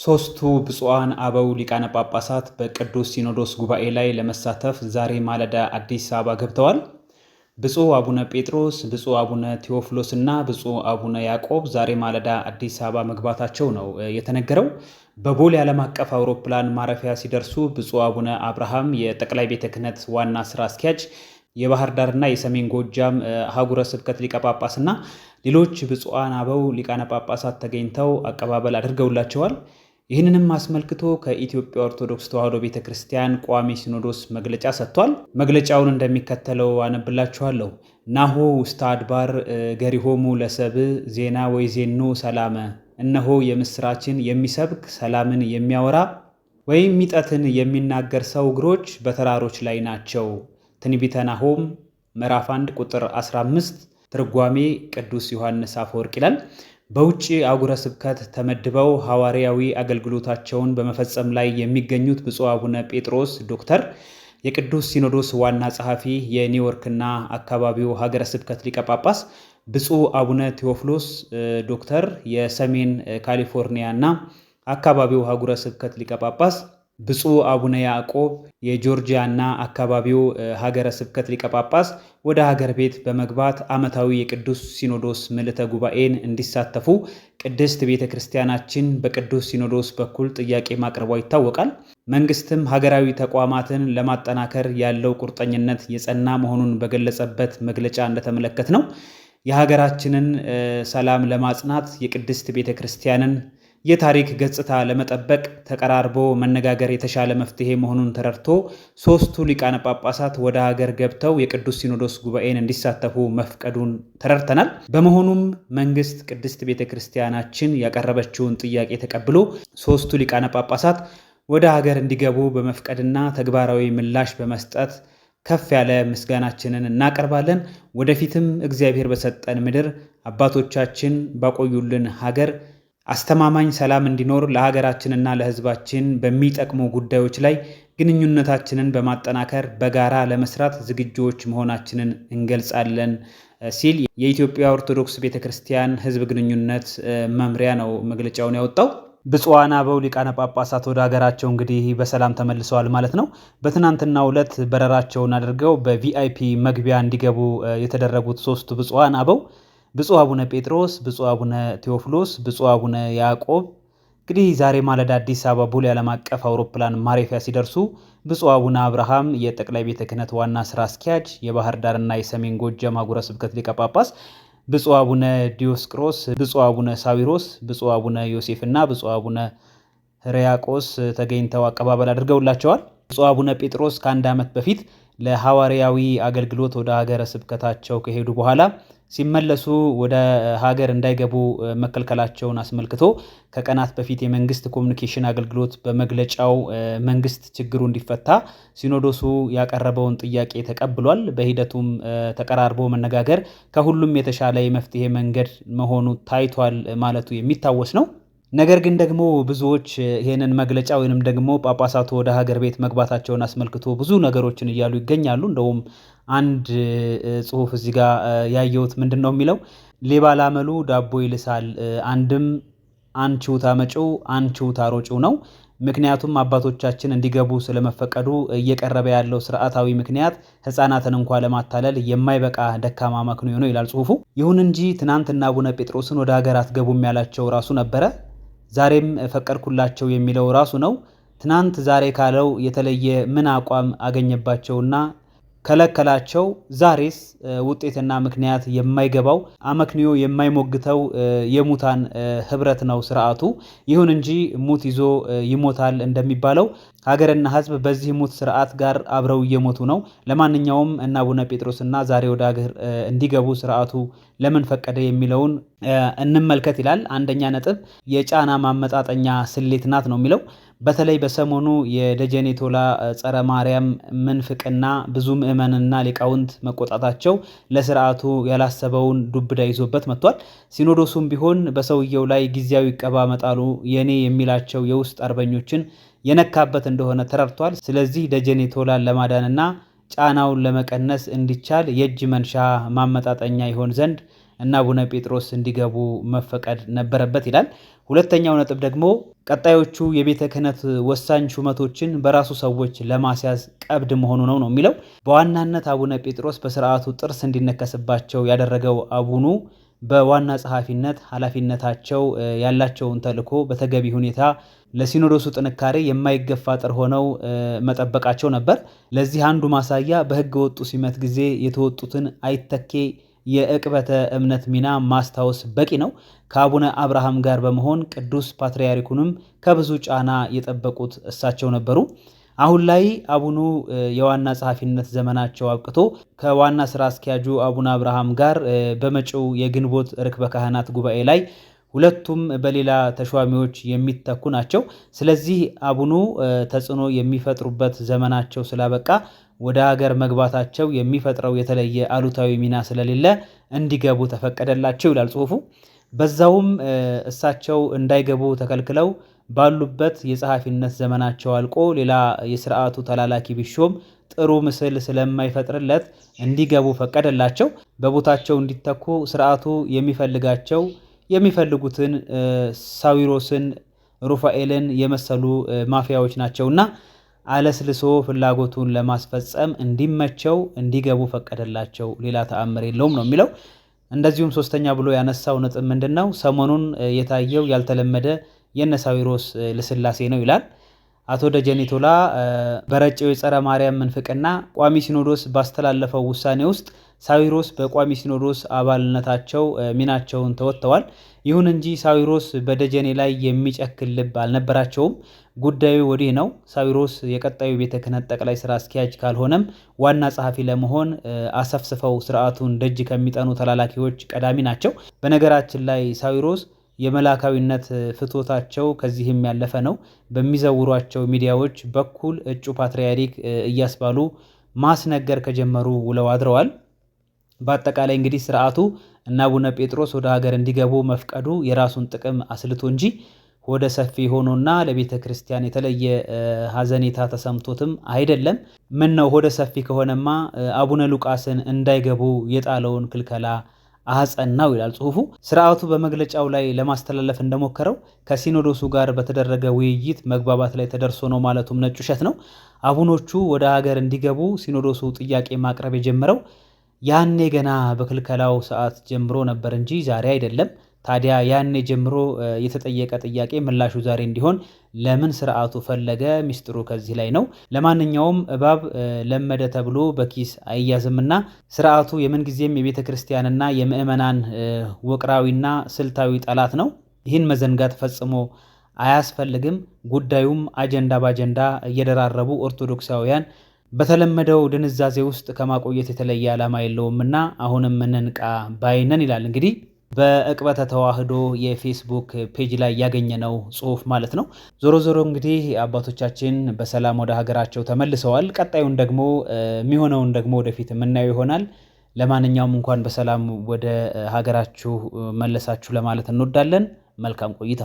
ሦስቱ ብፁዓን አበው ሊቃነ ጳጳሳት በቅዱስ ሲኖዶስ ጉባኤ ላይ ለመሳተፍ ዛሬ ማለዳ አዲስ አበባ ገብተዋል። ብፁዕ አቡነ ጴጥሮስ፣ ብፁዕ አቡነ ቴዎፍሎስ እና ብፁዕ አቡነ ያዕቆብ ዛሬ ማለዳ አዲስ አበባ መግባታቸው ነው የተነገረው። በቦሌ ዓለም አቀፍ አውሮፕላን ማረፊያ ሲደርሱ ብፁዕ አቡነ አብርሃም የጠቅላይ ቤተ ክህነት ዋና ስራ አስኪያጅ የባህር ዳርና የሰሜን ጎጃም ሀገረ ስብከት ሊቀ ጳጳስና ሌሎች ብፁዓን አበው ሊቃነ ጳጳሳት ተገኝተው አቀባበል አድርገውላቸዋል። ይህንንም አስመልክቶ ከኢትዮጵያ ኦርቶዶክስ ተዋሕዶ ቤተ ክርስቲያን ቋሚ ሲኖዶስ መግለጫ ሰጥቷል። መግለጫውን እንደሚከተለው አነብላችኋለሁ። ናሁ ውስተ አድባር ገሪሆሙ ለሰብ ዜና ወይ ዜኖ ሰላመ፣ እነሆ የምስራችን የሚሰብክ ሰላምን የሚያወራ ወይም ሚጠትን የሚናገር ሰው እግሮች በተራሮች ላይ ናቸው። ትንቢተ ናሆም ምዕራፍ 1 ቁጥር 15 ትርጓሜ ቅዱስ ዮሐንስ አፈወርቅ ይላል። በውጭ አጉረ ስብከት ተመድበው ሐዋርያዊ አገልግሎታቸውን በመፈጸም ላይ የሚገኙት ብፁዕ አቡነ ጴጥሮስ ዶክተር የቅዱስ ሲኖዶስ ዋና ጸሐፊ የኒውዮርክና አካባቢው ሀገረ ስብከት ሊቀ ጳጳስ ብፁዕ አቡነ ቴዎፍሎስ ዶክተር የሰሜን ካሊፎርኒያና አካባቢው ሀገረ ስብከት ሊቀ ጳጳስ ብፁዕ አቡነ ያዕቆብ የጆርጂያና አካባቢው ሀገረ ስብከት ሊቀ ጳጳስ ወደ ሀገር ቤት በመግባት ዓመታዊ የቅዱስ ሲኖዶስ ምልዕተ ጉባኤን እንዲሳተፉ ቅድስት ቤተ ክርስቲያናችን በቅዱስ ሲኖዶስ በኩል ጥያቄ ማቅረቧ ይታወቃል። መንግስትም ሀገራዊ ተቋማትን ለማጠናከር ያለው ቁርጠኝነት የጸና መሆኑን በገለጸበት መግለጫ እንደተመለከት ነው የሀገራችንን ሰላም ለማጽናት የቅድስት ቤተ ክርስቲያንን የታሪክ ገጽታ ለመጠበቅ ተቀራርቦ መነጋገር የተሻለ መፍትሄ መሆኑን ተረድቶ ሦስቱ ሊቃነ ጳጳሳት ወደ ሀገር ገብተው የቅዱስ ሲኖዶስ ጉባኤን እንዲሳተፉ መፍቀዱን ተረድተናል። በመሆኑም መንግስት ቅድስት ቤተ ክርስቲያናችን ያቀረበችውን ጥያቄ ተቀብሎ ሦስቱ ሊቃነ ጳጳሳት ወደ ሀገር እንዲገቡ በመፍቀድና ተግባራዊ ምላሽ በመስጠት ከፍ ያለ ምስጋናችንን እናቀርባለን። ወደፊትም እግዚአብሔር በሰጠን ምድር አባቶቻችን ባቆዩልን ሀገር አስተማማኝ ሰላም እንዲኖር ለሀገራችንና ለሕዝባችን በሚጠቅሙ ጉዳዮች ላይ ግንኙነታችንን በማጠናከር በጋራ ለመስራት ዝግጁዎች መሆናችንን እንገልጻለን ሲል የኢትዮጵያ ኦርቶዶክስ ቤተ ክርስቲያን ሕዝብ ግንኙነት መምሪያ ነው መግለጫውን ያወጣው። ብፁዓን አበው ሊቃነ ጳጳሳት ወደ ሀገራቸው እንግዲህ በሰላም ተመልሰዋል ማለት ነው። በትናንትናው ዕለት በረራቸውን አድርገው በቪአይፒ መግቢያ እንዲገቡ የተደረጉት ሶስቱ ብፁዓን አበው ብፁዕ አቡነ ጴጥሮስ፣ ብፁዕ አቡነ ቴዎፍሎስ፣ ብፁዕ አቡነ ያዕቆብ እንግዲህ ዛሬ ማለዳ አዲስ አበባ ቦሌ ዓለም አቀፍ አውሮፕላን ማረፊያ ሲደርሱ ብፁዕ አቡነ አብርሃም የጠቅላይ ቤተ ክህነት ዋና ስራ አስኪያጅ፣ የባህር ዳርና የሰሜን ጎጃም አህጉረ ስብከት ሊቀ ጳጳስ ብፁዕ አቡነ ዲዮስቅሮስ፣ ብፁዕ አቡነ ሳዊሮስ፣ ብፁዕ አቡነ ዮሴፍ እና ብፁዕ አቡነ ሕርያቆስ ተገኝተው አቀባበል አድርገውላቸዋል። ብፁዕ አቡነ ጴጥሮስ ከአንድ ዓመት በፊት ለሐዋርያዊ አገልግሎት ወደ ሀገረ ስብከታቸው ከሄዱ በኋላ ሲመለሱ ወደ ሀገር እንዳይገቡ መከልከላቸውን አስመልክቶ ከቀናት በፊት የመንግስት ኮሚኒኬሽን አገልግሎት በመግለጫው መንግስት ችግሩ እንዲፈታ ሲኖዶሱ ያቀረበውን ጥያቄ ተቀብሏል። በሂደቱም ተቀራርቦ መነጋገር ከሁሉም የተሻለ የመፍትሄ መንገድ መሆኑ ታይቷል ማለቱ የሚታወስ ነው። ነገር ግን ደግሞ ብዙዎች ይህንን መግለጫ ወይንም ደግሞ ጳጳሳቱ ወደ ሀገር ቤት መግባታቸውን አስመልክቶ ብዙ ነገሮችን እያሉ ይገኛሉ። እንደውም አንድ ጽሁፍ እዚህ ጋር ያየሁት ምንድን ነው የሚለው ሌባ ላመሉ ዳቦ ይልሳል፣ አንድም አንቺው ታመጪው አንቺው ታሮጪው ነው። ምክንያቱም አባቶቻችን እንዲገቡ ስለመፈቀዱ እየቀረበ ያለው ስርዓታዊ ምክንያት ህፃናትን እንኳ ለማታለል የማይበቃ ደካማ መክንዮ ነው ይላል ጽሁፉ። ይሁን እንጂ ትናንትና አቡነ ጴጥሮስን ወደ ሀገር አትገቡም ያላቸው ራሱ ነበረ። ዛሬም ፈቀድኩላቸው የሚለው ራሱ ነው። ትናንት ዛሬ ካለው የተለየ ምን አቋም አገኘባቸውና ከለከላቸው። ዛሬስ ውጤትና ምክንያት የማይገባው አመክንዮ የማይሞግተው የሙታን ህብረት ነው ስርዓቱ። ይሁን እንጂ ሙት ይዞ ይሞታል እንደሚባለው ሀገርና ህዝብ በዚህ ሙት ስርዓት ጋር አብረው እየሞቱ ነው። ለማንኛውም እነ አቡነ ጴጥሮስና ዛሬ ወደ ሀገር እንዲገቡ ስርዓቱ ለምን ፈቀደ የሚለውን እንመልከት ይላል። አንደኛ ነጥብ የጫና ማመጣጠኛ ስሌት ናት ነው የሚለው በተለይ በሰሞኑ የደጀኔ ቶላ ጸረ ማርያም ምንፍቅና ብዙ ምዕመንና ሊቃውንት መቆጣታቸው ለስርዓቱ ያላሰበውን ዱብዳ ይዞበት መጥቷል። ሲኖዶሱም ቢሆን በሰውየው ላይ ጊዜያዊ ቀባ መጣሉ የኔ የሚላቸው የውስጥ አርበኞችን የነካበት እንደሆነ ተረድቷል። ስለዚህ ደጀኔ ቶላን ለማዳንና ጫናውን ለመቀነስ እንዲቻል የእጅ መንሻ ማመጣጠኛ ይሆን ዘንድ እና አቡነ ጴጥሮስ እንዲገቡ መፈቀድ ነበረበት ይላል። ሁለተኛው ነጥብ ደግሞ ቀጣዮቹ የቤተ ክህነት ወሳኝ ሹመቶችን በራሱ ሰዎች ለማስያዝ ቀብድ መሆኑ ነው ነው የሚለው በዋናነት አቡነ ጴጥሮስ በስርዓቱ ጥርስ እንዲነከስባቸው ያደረገው አቡኑ በዋና ጸሐፊነት ኃላፊነታቸው ያላቸውን ተልዕኮ በተገቢ ሁኔታ ለሲኖዶሱ ጥንካሬ የማይገፋ አጥር ሆነው መጠበቃቸው ነበር። ለዚህ አንዱ ማሳያ በሕገ ወጡ ሲመት ጊዜ የተወጡትን አይተኬ የእቅበተ እምነት ሚና ማስታወስ በቂ ነው። ከአቡነ አብርሃም ጋር በመሆን ቅዱስ ፓትርያርኩንም ከብዙ ጫና የጠበቁት እሳቸው ነበሩ። አሁን ላይ አቡኑ የዋና ጸሐፊነት ዘመናቸው አብቅቶ ከዋና ስራ አስኪያጁ አቡነ አብርሃም ጋር በመጪው የግንቦት ርክበ ካህናት ጉባኤ ላይ ሁለቱም በሌላ ተሿሚዎች የሚተኩ ናቸው። ስለዚህ አቡኑ ተጽዕኖ የሚፈጥሩበት ዘመናቸው ስላበቃ ወደ ሀገር መግባታቸው የሚፈጥረው የተለየ አሉታዊ ሚና ስለሌለ እንዲገቡ ተፈቀደላቸው ይላል ጽሁፉ። በዛውም እሳቸው እንዳይገቡ ተከልክለው ባሉበት የጸሐፊነት ዘመናቸው አልቆ ሌላ የስርዓቱ ተላላኪ ቢሾም ጥሩ ምስል ስለማይፈጥርለት እንዲገቡ ፈቀደላቸው። በቦታቸው እንዲተኩ ስርዓቱ የሚፈልጋቸው የሚፈልጉትን ሳዊሮስን፣ ሩፋኤልን የመሰሉ ማፊያዎች ናቸውና አለስልሶ ፍላጎቱን ለማስፈጸም እንዲመቸው እንዲገቡ ፈቀደላቸው። ሌላ ተአምር የለውም ነው የሚለው። እንደዚሁም ሶስተኛ ብሎ ያነሳው ነጥብ ምንድን ነው? ሰሞኑን የታየው ያልተለመደ የነሳዊሮስ ልስላሴ ነው ይላል። አቶ ደጀኔ ቶላ በረጨው የጸረ ማርያም ምንፍቅና ቋሚ ሲኖዶስ ባስተላለፈው ውሳኔ ውስጥ ሳዊሮስ በቋሚ ሲኖዶስ አባልነታቸው ሚናቸውን ተወጥተዋል። ይሁን እንጂ ሳዊሮስ በደጀኔ ላይ የሚጨክል ልብ አልነበራቸውም። ጉዳዩ ወዲህ ነው። ሳዊሮስ የቀጣዩ ቤተ ክህነት ጠቅላይ ስራ አስኪያጅ ካልሆነም ዋና ጸሐፊ ለመሆን አሰፍስፈው ስርዓቱን ደጅ ከሚጠኑ ተላላኪዎች ቀዳሚ ናቸው። በነገራችን ላይ ሳዊሮስ የመላካዊነት ፍቶታቸው ከዚህም ያለፈ ነው። በሚዘውሯቸው ሚዲያዎች በኩል እጩ ፓትርያርክ እያስባሉ ማስነገር ከጀመሩ ውለው አድረዋል። በአጠቃላይ እንግዲህ ስርዓቱ እና አቡነ ጴጥሮስ ወደ ሀገር እንዲገቡ መፍቀዱ የራሱን ጥቅም አስልቶ እንጂ ወደ ሰፊ ሆኖና ለቤተ ክርስቲያን የተለየ ሀዘኔታ ተሰምቶትም አይደለም። ምን ነው ሆደ ሰፊ ከሆነማ አቡነ ሉቃስን እንዳይገቡ የጣለውን ክልከላ አጸናው ይላል ጽሁፉ። ስርዓቱ በመግለጫው ላይ ለማስተላለፍ እንደሞከረው ከሲኖዶሱ ጋር በተደረገ ውይይት መግባባት ላይ ተደርሶ ነው ማለቱም ነጭ ውሸት ነው። አቡኖቹ ወደ ሀገር እንዲገቡ ሲኖዶሱ ጥያቄ ማቅረብ የጀመረው ያኔ ገና በክልከላው ሰዓት ጀምሮ ነበር እንጂ ዛሬ አይደለም። ታዲያ ያኔ ጀምሮ የተጠየቀ ጥያቄ ምላሹ ዛሬ እንዲሆን ለምን ስርዓቱ ፈለገ? ሚስጥሩ ከዚህ ላይ ነው። ለማንኛውም እባብ ለመደ ተብሎ በኪስ አይያዝምና ስርዓቱ የምንጊዜም የቤተ ክርስቲያንና የምዕመናን ወቅራዊና ስልታዊ ጠላት ነው። ይህን መዘንጋት ፈጽሞ አያስፈልግም። ጉዳዩም አጀንዳ በአጀንዳ እየደራረቡ ኦርቶዶክሳውያን በተለመደው ድንዛዜ ውስጥ ከማቆየት የተለየ ዓላማ የለውምና አሁንም እንንቃ ባይነን ይላል እንግዲህ በእቅበተ ተዋህዶ የፌስቡክ ፔጅ ላይ ያገኘነው ጽሁፍ ማለት ነው። ዞሮ ዞሮ እንግዲህ አባቶቻችን በሰላም ወደ ሀገራቸው ተመልሰዋል። ቀጣዩን ደግሞ የሚሆነውን ደግሞ ወደፊት የምናየው ይሆናል። ለማንኛውም እንኳን በሰላም ወደ ሀገራችሁ መለሳችሁ ለማለት እንወዳለን። መልካም ቆይታ